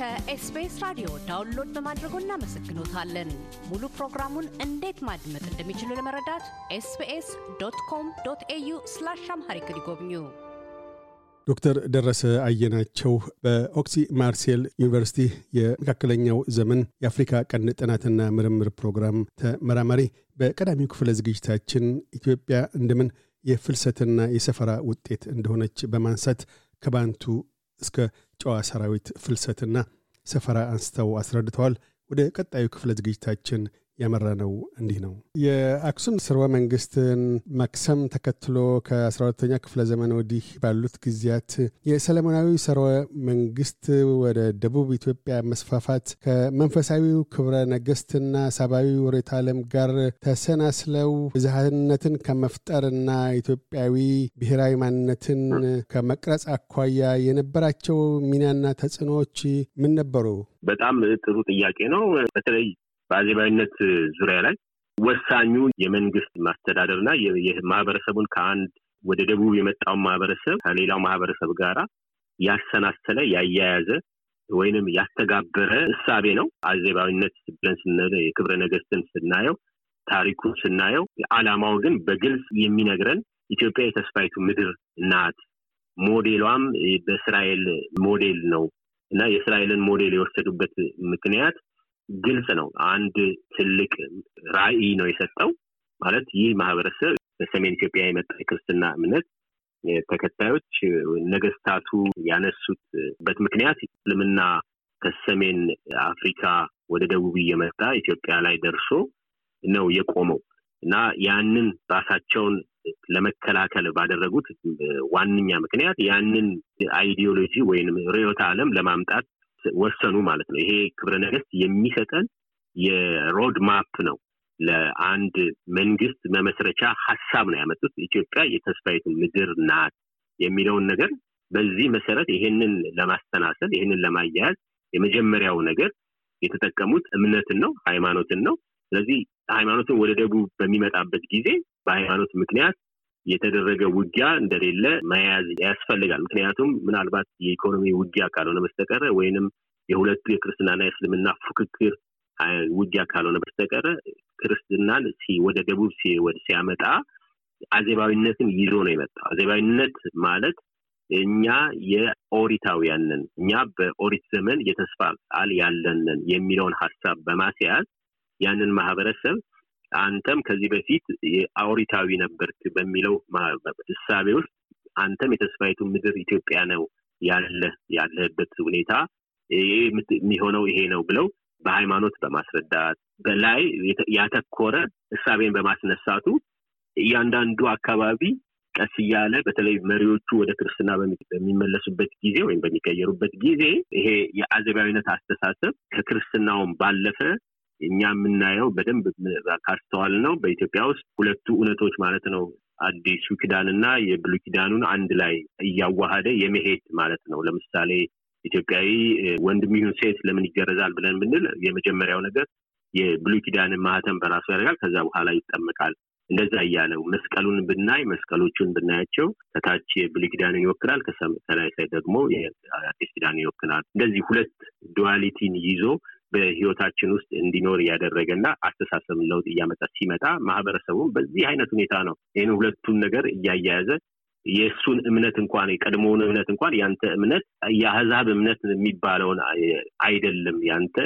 ከኤስቢኤስ ራዲዮ ዳውንሎድ በማድረጎ እናመሰግኖታለን። ሙሉ ፕሮግራሙን እንዴት ማድመጥ እንደሚችሉ ለመረዳት ኤስቢኤስ ዶት ኮም ዶት ኤዩ ስላሽ አምሃሪክ ይጎብኙ። ዶክተር ደረሰ አየናቸው በኦክሲ ማርሴል ዩኒቨርሲቲ የመካከለኛው ዘመን የአፍሪካ ቀንድ ጥናትና ምርምር ፕሮግራም ተመራማሪ። በቀዳሚው ክፍለ ዝግጅታችን ኢትዮጵያ እንደምን የፍልሰትና የሰፈራ ውጤት እንደሆነች በማንሳት ከባንቱ እስከ ጨዋ ሰራዊት ፍልሰትና ሰፈራ አንስተው አስረድተዋል። ወደ ቀጣዩ ክፍለ ዝግጅታችን ያመራነው እንዲህ ነው። የአክሱም ስርወ መንግስትን መክሰም ተከትሎ ከ12ተኛ ክፍለ ዘመን ወዲህ ባሉት ጊዜያት የሰለሞናዊ ስርወ መንግስት ወደ ደቡብ ኢትዮጵያ መስፋፋት ከመንፈሳዊው ክብረ ነገስትና ሰብአዊ ሬተ ዓለም ጋር ተሰናስለው ብዝሃነትን ከመፍጠርና ኢትዮጵያዊ ብሔራዊ ማንነትን ከመቅረጽ አኳያ የነበራቸው ሚናና ተጽዕኖዎች ምን ነበሩ? በጣም ጥሩ ጥያቄ ነው። በተለይ በአዜባዊነት ዙሪያ ላይ ወሳኙ የመንግስት ና ማህበረሰቡን ከአንድ ወደ ደቡብ የመጣውን ማህበረሰብ ከሌላው ማህበረሰብ ጋራ ያሰናሰለ ያያያዘ ወይንም ያስተጋበረ እሳቤ ነው። አዜባዊነት ብለን የክብረ ነገስትን ስናየው ታሪኩን ስናየው አላማው ግን በግልጽ የሚነግረን ኢትዮጵያ የተስፋይቱ ምድር ናት፣ ሞዴሏም በእስራኤል ሞዴል ነው እና የእስራኤልን ሞዴል የወሰዱበት ምክንያት ግልጽ ነው። አንድ ትልቅ ራዕይ ነው የሰጠው ማለት ይህ ማህበረሰብ በሰሜን ኢትዮጵያ የመጣ የክርስትና እምነት ተከታዮች ነገስታቱ ያነሱትበት ምክንያት እስልምና ከሰሜን አፍሪካ ወደ ደቡብ እየመጣ ኢትዮጵያ ላይ ደርሶ ነው የቆመው እና ያንን ራሳቸውን ለመከላከል ባደረጉት ዋነኛ ምክንያት ያንን አይዲዮሎጂ ወይም ርዕዮተ አለም ለማምጣት ወሰኑ ማለት ነው። ይሄ ክብረ ነገስት የሚሰጠን የሮድ ማፕ ነው። ለአንድ መንግስት መመስረቻ ሀሳብ ነው ያመጡት። ኢትዮጵያ የተስፋይቱ ምድር ናት የሚለውን ነገር በዚህ መሰረት ይሄንን ለማስተናሰል ይሄንን ለማያያዝ የመጀመሪያው ነገር የተጠቀሙት እምነትን ነው፣ ሃይማኖትን ነው። ስለዚህ ሃይማኖትን ወደ ደቡብ በሚመጣበት ጊዜ በሃይማኖት ምክንያት የተደረገ ውጊያ እንደሌለ መያዝ ያስፈልጋል። ምክንያቱም ምናልባት የኢኮኖሚ ውጊያ ካልሆነ በስተቀረ ወይንም የሁለቱ የክርስትናና የእስልምና ፉክክር ውጊያ ካልሆነ በስተቀረ ክርስትናን ወደ ደቡብ ሲያመጣ አዜባዊነትን ይዞ ነው የመጣው። አዜባዊነት ማለት እኛ የኦሪታውያንን እኛ በኦሪት ዘመን የተስፋ ቃል ያለንን የሚለውን ሀሳብ በማስያዝ ያንን ማህበረሰብ አንተም ከዚህ በፊት አውሪታዊ ነበርክ በሚለው እሳቤ ውስጥ አንተም የተስፋይቱ ምድር ኢትዮጵያ ነው ያለ ያለበት ሁኔታ የሚሆነው ይሄ ነው ብለው በሃይማኖት በማስረዳት በላይ ያተኮረ እሳቤን በማስነሳቱ እያንዳንዱ አካባቢ ቀስ እያለ በተለይ መሪዎቹ ወደ ክርስትና በሚመለሱበት ጊዜ ወይም በሚቀየሩበት ጊዜ ይሄ የአዘቢያዊነት አስተሳሰብ ከክርስትናውም ባለፈ እኛ የምናየው በደንብ ካስተዋል ነው በኢትዮጵያ ውስጥ ሁለቱ እውነቶች ማለት ነው አዲሱ ኪዳንና የብሉ ኪዳኑን አንድ ላይ እያዋሃደ የመሄድ ማለት ነው። ለምሳሌ ኢትዮጵያዊ ወንድም ይሁን ሴት ለምን ይገረዛል ብለን ብንል የመጀመሪያው ነገር የብሉ ኪዳንን ማህተም በራሱ ያደርጋል። ከዛ በኋላ ይጠመቃል። እንደዛ እያለው መስቀሉን ብናይ መስቀሎቹን ብናያቸው ከታች የብሉ ኪዳንን ይወክላል፣ ከላይ ደግሞ የአዲስ ኪዳንን ይወክላል። እንደዚህ ሁለት ዱዋሊቲን ይዞ በህይወታችን ውስጥ እንዲኖር እያደረገ ና አስተሳሰብን ለውጥ እያመጣ ሲመጣ ማህበረሰቡም በዚህ አይነት ሁኔታ ነው ይህን ሁለቱን ነገር እያያያዘ የእሱን እምነት እንኳን የቀድሞውን እምነት እንኳን ያንተ እምነት የአህዛብ እምነት የሚባለውን አይደለም ያንተ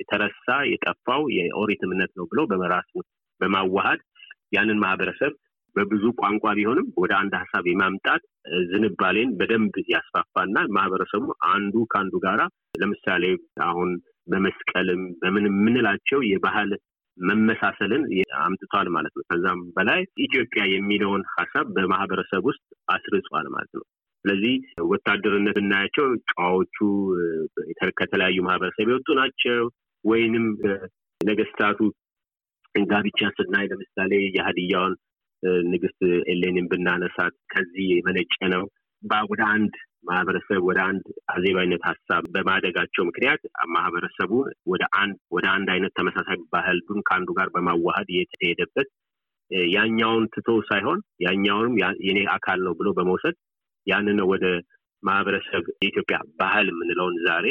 የተረሳ የጠፋው የኦሪት እምነት ነው ብሎ በመራሱ በማዋሃድ ያንን ማህበረሰብ በብዙ ቋንቋ ቢሆንም ወደ አንድ ሀሳብ የማምጣት ዝንባሌን በደንብ ያስፋፋና ማህበረሰቡ አንዱ ከአንዱ ጋራ ለምሳሌ አሁን በመስቀልም በምን የምንላቸው የባህል መመሳሰልን አምጥቷል ማለት ነው። ከዛም በላይ ኢትዮጵያ የሚለውን ሀሳብ በማህበረሰብ ውስጥ አስርጿል ማለት ነው። ስለዚህ ወታደርነት ብናያቸው ጨዋዎቹ ከተለያዩ ማህበረሰብ የወጡ ናቸው። ወይንም ነገስታቱ ጋብቻ ስናይ ለምሳሌ የሀዲያውን ንግስት ኤሌንን ብናነሳት ከዚህ የመነጨ ነው። ወደ አንድ ማህበረሰብ ወደ አንድ አዜባዊነት ሀሳብ በማደጋቸው ምክንያት ማህበረሰቡ ወደ አንድ ወደ አንድ አይነት ተመሳሳይ ዱን ከአንዱ ጋር በማዋሃድ የተሄደበት ያኛውን ትቶ ሳይሆን ያኛውንም የኔ አካል ነው ብሎ በመውሰድ ያንን ወደ ማህበረሰብ የኢትዮጵያ ባህል የምንለውን ዛሬ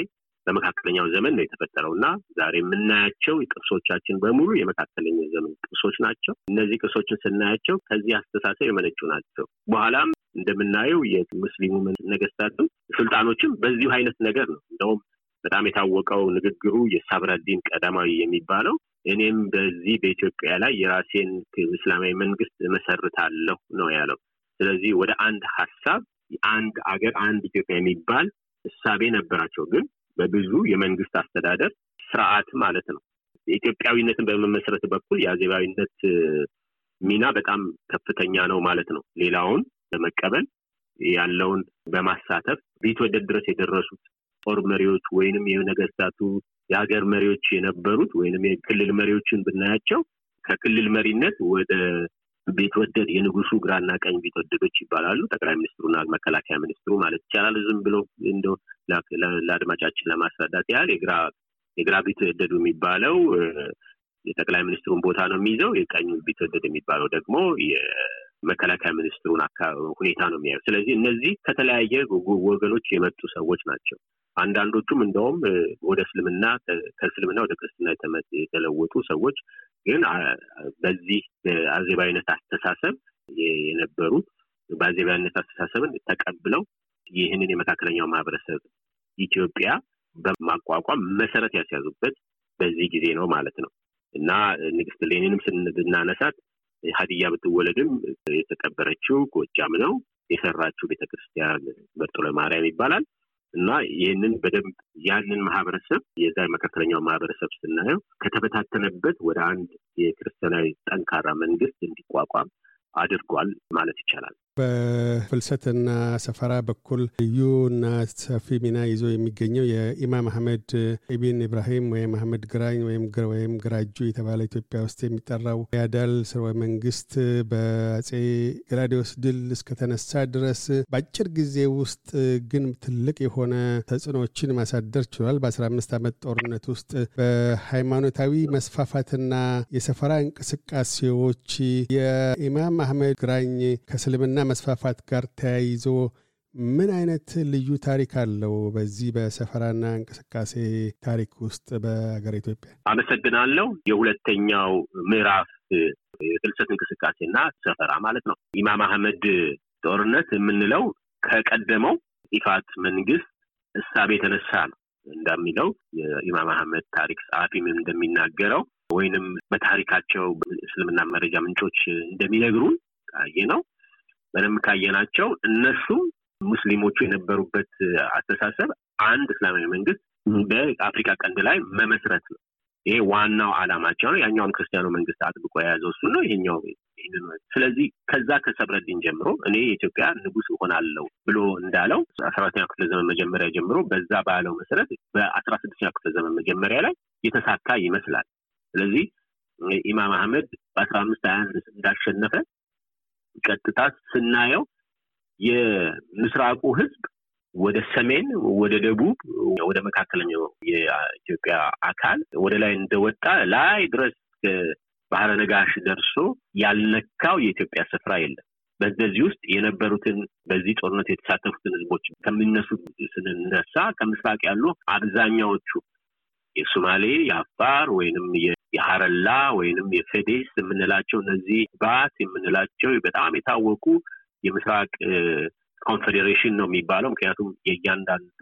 በመካከለኛው ዘመን ነው የተፈጠረው እና ዛሬ የምናያቸው ቅርሶቻችን በሙሉ የመካከለኛ ዘመን ቅርሶች ናቸው። እነዚህ ቅርሶችን ስናያቸው ከዚህ አስተሳሰብ የመነጩ ናቸው። በኋላም እንደምናየው የሙስሊሙ ነገስታትም ሱልጣኖችም በዚሁ አይነት ነገር ነው። እንደውም በጣም የታወቀው ንግግሩ የሳብራዲን ቀዳማዊ የሚባለው እኔም በዚህ በኢትዮጵያ ላይ የራሴን እስላማዊ መንግስት መሰርታለሁ ነው ያለው። ስለዚህ ወደ አንድ ሀሳብ አንድ አገር አንድ ኢትዮጵያ የሚባል እሳቤ ነበራቸው። ግን በብዙ የመንግስት አስተዳደር ስርዓት ማለት ነው የኢትዮጵያዊነትን በመመስረት በኩል የአዜባዊነት ሚና በጣም ከፍተኛ ነው ማለት ነው። ሌላውን ለመቀበል ያለውን በማሳተፍ ቢትወደድ ድረስ የደረሱት ጦር መሪዎች ወይንም የነገስታቱ የሀገር መሪዎች የነበሩት ወይንም የክልል መሪዎችን ብናያቸው ከክልል መሪነት ወደ ወደድ የንጉሱ ግራና ቀኝ ቢትወደዶች ይባላሉ። ጠቅላይ ሚኒስትሩና መከላከያ ሚኒስትሩ ማለት ይቻላል። ዝም ብሎ እንደ ለአድማጫችን ለማስረዳት ያህል የግራ የግራ ቢትወደዱ የሚባለው የጠቅላይ ሚኒስትሩን ቦታ ነው የሚይዘው። የቀኙ ቤትወደድ የሚባለው ደግሞ መከላከያ ሚኒስትሩን ሁኔታ ነው የሚያዩ። ስለዚህ እነዚህ ከተለያየ ወገኖች የመጡ ሰዎች ናቸው። አንዳንዶቹም እንደውም ወደ እስልምና ከእስልምና ወደ ክርስትና የተለወጡ ሰዎች ግን በዚህ በአዜባዊነት አስተሳሰብ የነበሩ በአዜባዊነት አስተሳሰብን ተቀብለው ይህንን የመካከለኛው ማህበረሰብ ኢትዮጵያ በማቋቋም መሰረት ያስያዙበት በዚህ ጊዜ ነው ማለት ነው እና ንግስት ሌኒንም ስናነሳት ሀዲያ ብትወለድም የተቀበረችው ጎጃም ነው። የሰራችው ቤተክርስቲያን በርጦለ ማርያም ይባላል እና ይህንን በደንብ ያንን ማህበረሰብ የዛ መካከለኛው ማህበረሰብ ስናየው ከተበታተነበት ወደ አንድ የክርስቲያናዊ ጠንካራ መንግስት እንዲቋቋም አድርጓል ማለት ይቻላል። በፍልሰትና ሰፈራ በኩል ልዩ እና ሰፊ ሚና ይዞ የሚገኘው የኢማም አህመድ ኢቢን ኢብራሂም ወይም አህመድ ግራኝ ወይም ግራጁ የተባለ ኢትዮጵያ ውስጥ የሚጠራው ያዳል ስርወ መንግስት በአጼ ገላዲዮስ ድል እስከተነሳ ድረስ በአጭር ጊዜ ውስጥ ግን ትልቅ የሆነ ተጽዕኖዎችን ማሳደር ችሏል። በ15 ዓመት ጦርነት ውስጥ በሃይማኖታዊ መስፋፋትና የሰፈራ እንቅስቃሴዎች የኢማም አህመድ ግራኝ ከስልምና መስፋፋት ጋር ተያይዞ ምን አይነት ልዩ ታሪክ አለው? በዚህ በሰፈራና እንቅስቃሴ ታሪክ ውስጥ በሀገር ኢትዮጵያ። አመሰግናለሁ። የሁለተኛው ምዕራፍ የፍልሰት እንቅስቃሴና ሰፈራ ማለት ነው። ኢማም አህመድ ጦርነት የምንለው ከቀደመው ኢፋት መንግስት እሳቤ የተነሳ ነው እንደሚለው የኢማም አህመድ ታሪክ ጸሐፊም እንደሚናገረው ወይንም በታሪካቸው እስልምና መረጃ ምንጮች እንደሚነግሩን ቃዬ ነው በደንብ ካየናቸው እነሱ ሙስሊሞቹ የነበሩበት አስተሳሰብ አንድ እስላማዊ መንግስት በአፍሪካ ቀንድ ላይ መመስረት ነው። ይሄ ዋናው አላማቸው ነው። ያኛውን ክርስቲያኑ መንግስት አጥብቆ የያዘው እሱ ነው። ይሄኛው ስለዚህ ከዛ ከሰብረድን ጀምሮ እኔ የኢትዮጵያ ንጉስ እሆናለሁ ብሎ እንዳለው አስራተኛ ክፍለ ዘመን መጀመሪያ ጀምሮ በዛ ባለው መሰረት በአስራ ስድስተኛ ክፍለ ዘመን መጀመሪያ ላይ የተሳካ ይመስላል። ስለዚህ ኢማም አህመድ በአስራ አምስት ሀያ አንድ እንዳሸነፈ ቀጥታ ስናየው የምስራቁ ህዝብ ወደ ሰሜን፣ ወደ ደቡብ፣ ወደ መካከለኛው የኢትዮጵያ አካል ወደ ላይ እንደወጣ ላይ ድረስ ባህረ ነጋሽ ደርሶ ያልነካው የኢትዮጵያ ስፍራ የለም። በዚህ ውስጥ የነበሩትን በዚህ ጦርነት የተሳተፉትን ህዝቦች ከሚነሱ ስንነሳ ከምስራቅ ያሉ አብዛኛዎቹ የሶማሌ፣ የአፋር ወይንም የሀረላ ወይንም የፌዴስ የምንላቸው እነዚህ ባት የምንላቸው በጣም የታወቁ የምስራቅ ኮንፌዴሬሽን ነው የሚባለው። ምክንያቱም የእያንዳንዱ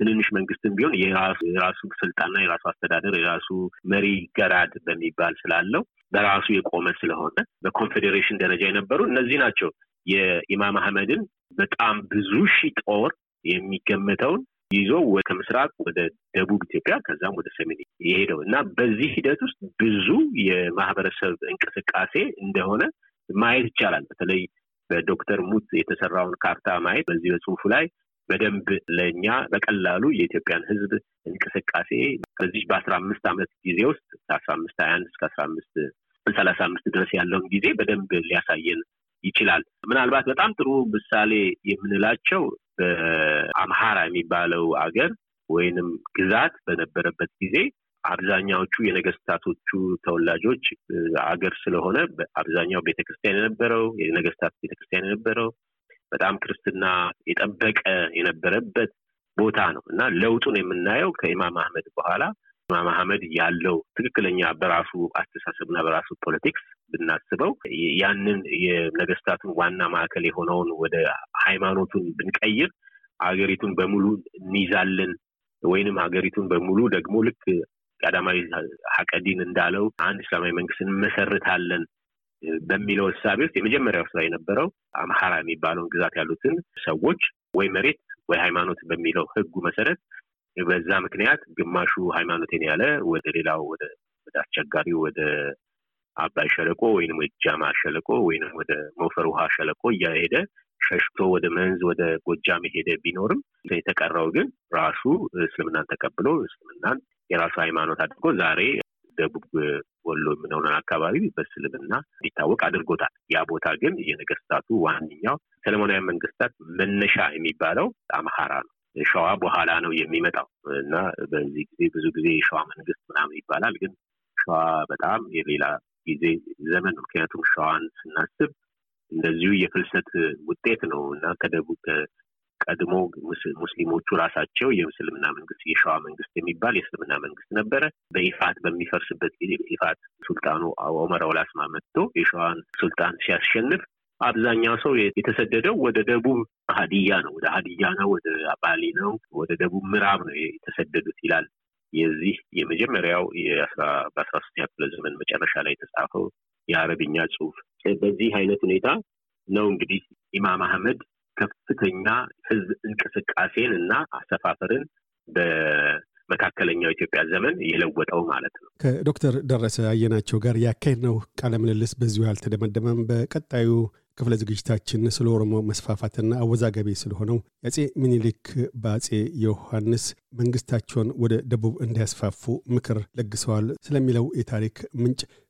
ትንንሽ መንግስትም ቢሆን የራሱ ስልጣንና የራሱ አስተዳደር የራሱ መሪ ገራድ በሚባል ስላለው በራሱ የቆመ ስለሆነ በኮንፌዴሬሽን ደረጃ የነበሩ እነዚህ ናቸው የኢማም አህመድን በጣም ብዙ ሺ ጦር የሚገመተውን ይዞ ከምስራቅ ወደ ደቡብ ኢትዮጵያ ከዛም ወደ ሰሜን የሄደው እና በዚህ ሂደት ውስጥ ብዙ የማህበረሰብ እንቅስቃሴ እንደሆነ ማየት ይቻላል። በተለይ በዶክተር ሙት የተሰራውን ካርታ ማየት በዚህ በጽሁፉ ላይ በደንብ ለእኛ በቀላሉ የኢትዮጵያን ህዝብ እንቅስቃሴ ከዚህ በአስራ አምስት አመት ጊዜ ውስጥ ከአስራ አምስት ሀያ አንድ እስከ አስራ አምስት ሰላሳ አምስት ድረስ ያለውን ጊዜ በደንብ ሊያሳየን ይችላል። ምናልባት በጣም ጥሩ ምሳሌ የምንላቸው በአምሃራ የሚባለው አገር ወይንም ግዛት በነበረበት ጊዜ አብዛኛዎቹ የነገስታቶቹ ተወላጆች አገር ስለሆነ አብዛኛው ቤተክርስቲያን የነበረው የነገስታት ቤተክርስቲያን የነበረው በጣም ክርስትና የጠበቀ የነበረበት ቦታ ነው እና ለውጡን የምናየው ከኢማም አህመድ በኋላ ኢማም አህመድ ያለው ትክክለኛ በራሱ አስተሳሰብና በራሱ ፖለቲክስ ብናስበው ያንን የነገስታቱን ዋና ማዕከል የሆነውን ወደ ሃይማኖቱን ብንቀይር ሀገሪቱን በሙሉ እንይዛለን ወይንም ሀገሪቱን በሙሉ ደግሞ ልክ ቀዳማዊ ሀቀዲን እንዳለው አንድ እስላማዊ መንግስት እንመሰርታለን በሚለው እሳቤ ውስጥ የመጀመሪያው ስራ የነበረው አምሃራ የሚባለውን ግዛት ያሉትን ሰዎች ወይ መሬት ወይ ሃይማኖት በሚለው ህጉ መሰረት በዛ ምክንያት ግማሹ ሃይማኖቴን ያለ ወደ ሌላው ወደ አስቸጋሪው ወደ አባይ ሸለቆ ወይንም ወደ ጃማ ሸለቆ ወይንም ወደ ሞፈር ውሃ ሸለቆ እያሄደ ሸሽቶ ወደ መንዝ ወደ ጎጃም ሄደ ቢኖርም የተቀረው ግን ራሱ እስልምናን ተቀብሎ እስልምናን የራሱ ሃይማኖት አድርጎ ዛሬ ደቡብ ወሎ የምንሆነ አካባቢ በእስልምና እንዲታወቅ አድርጎታል። ያ ቦታ ግን የነገስታቱ ዋነኛው ሰለሞናዊ መንግስታት መነሻ የሚባለው አምሃራ ነው። ሸዋ በኋላ ነው የሚመጣው እና በዚህ ጊዜ ብዙ ጊዜ የሸዋ መንግስት ምናምን ይባላል። ግን ሸዋ በጣም የሌላ ጊዜ ዘመን ምክንያቱም ሸዋን ስናስብ እንደዚሁ የፍልሰት ውጤት ነው እና ከደቡብ ቀድሞ ሙስሊሞቹ ራሳቸው የእስልምና መንግስት የሸዋ መንግስት የሚባል የእስልምና መንግስት ነበረ። በኢፋት በሚፈርስበት ጊዜ ኢፋት ሱልጣኑ ኦመር አውላስማ መጥቶ የሸዋን ሱልጣን ሲያስሸንፍ አብዛኛው ሰው የተሰደደው ወደ ደቡብ ሀዲያ ነው። ወደ ሀዲያ ነው፣ ወደ ባሌ ነው፣ ወደ ደቡብ ምዕራብ ነው የተሰደዱት ይላል። የዚህ የመጀመሪያው በአስራ ሶስተኛ ክፍለ ዘመን መጨረሻ ላይ የተጻፈው የአረብኛ ጽሁፍ በዚህ አይነት ሁኔታ ነው እንግዲህ ኢማም አህመድ ከፍተኛ ህዝብ እንቅስቃሴን እና አሰፋፈርን በመካከለኛው ኢትዮጵያ ዘመን የለወጠው ማለት ነው። ከዶክተር ደረሰ አየናቸው ጋር ያካሄድ ነው ቃለምልልስ በዚሁ ያልተደመደመም በቀጣዩ ክፍለ ዝግጅታችን ስለ ኦሮሞ መስፋፋትና አወዛጋቢ ስለሆነው የአጼ ሚኒሊክ በአጼ ዮሐንስ መንግስታቸውን ወደ ደቡብ እንዲያስፋፉ ምክር ለግሰዋል ስለሚለው የታሪክ ምንጭ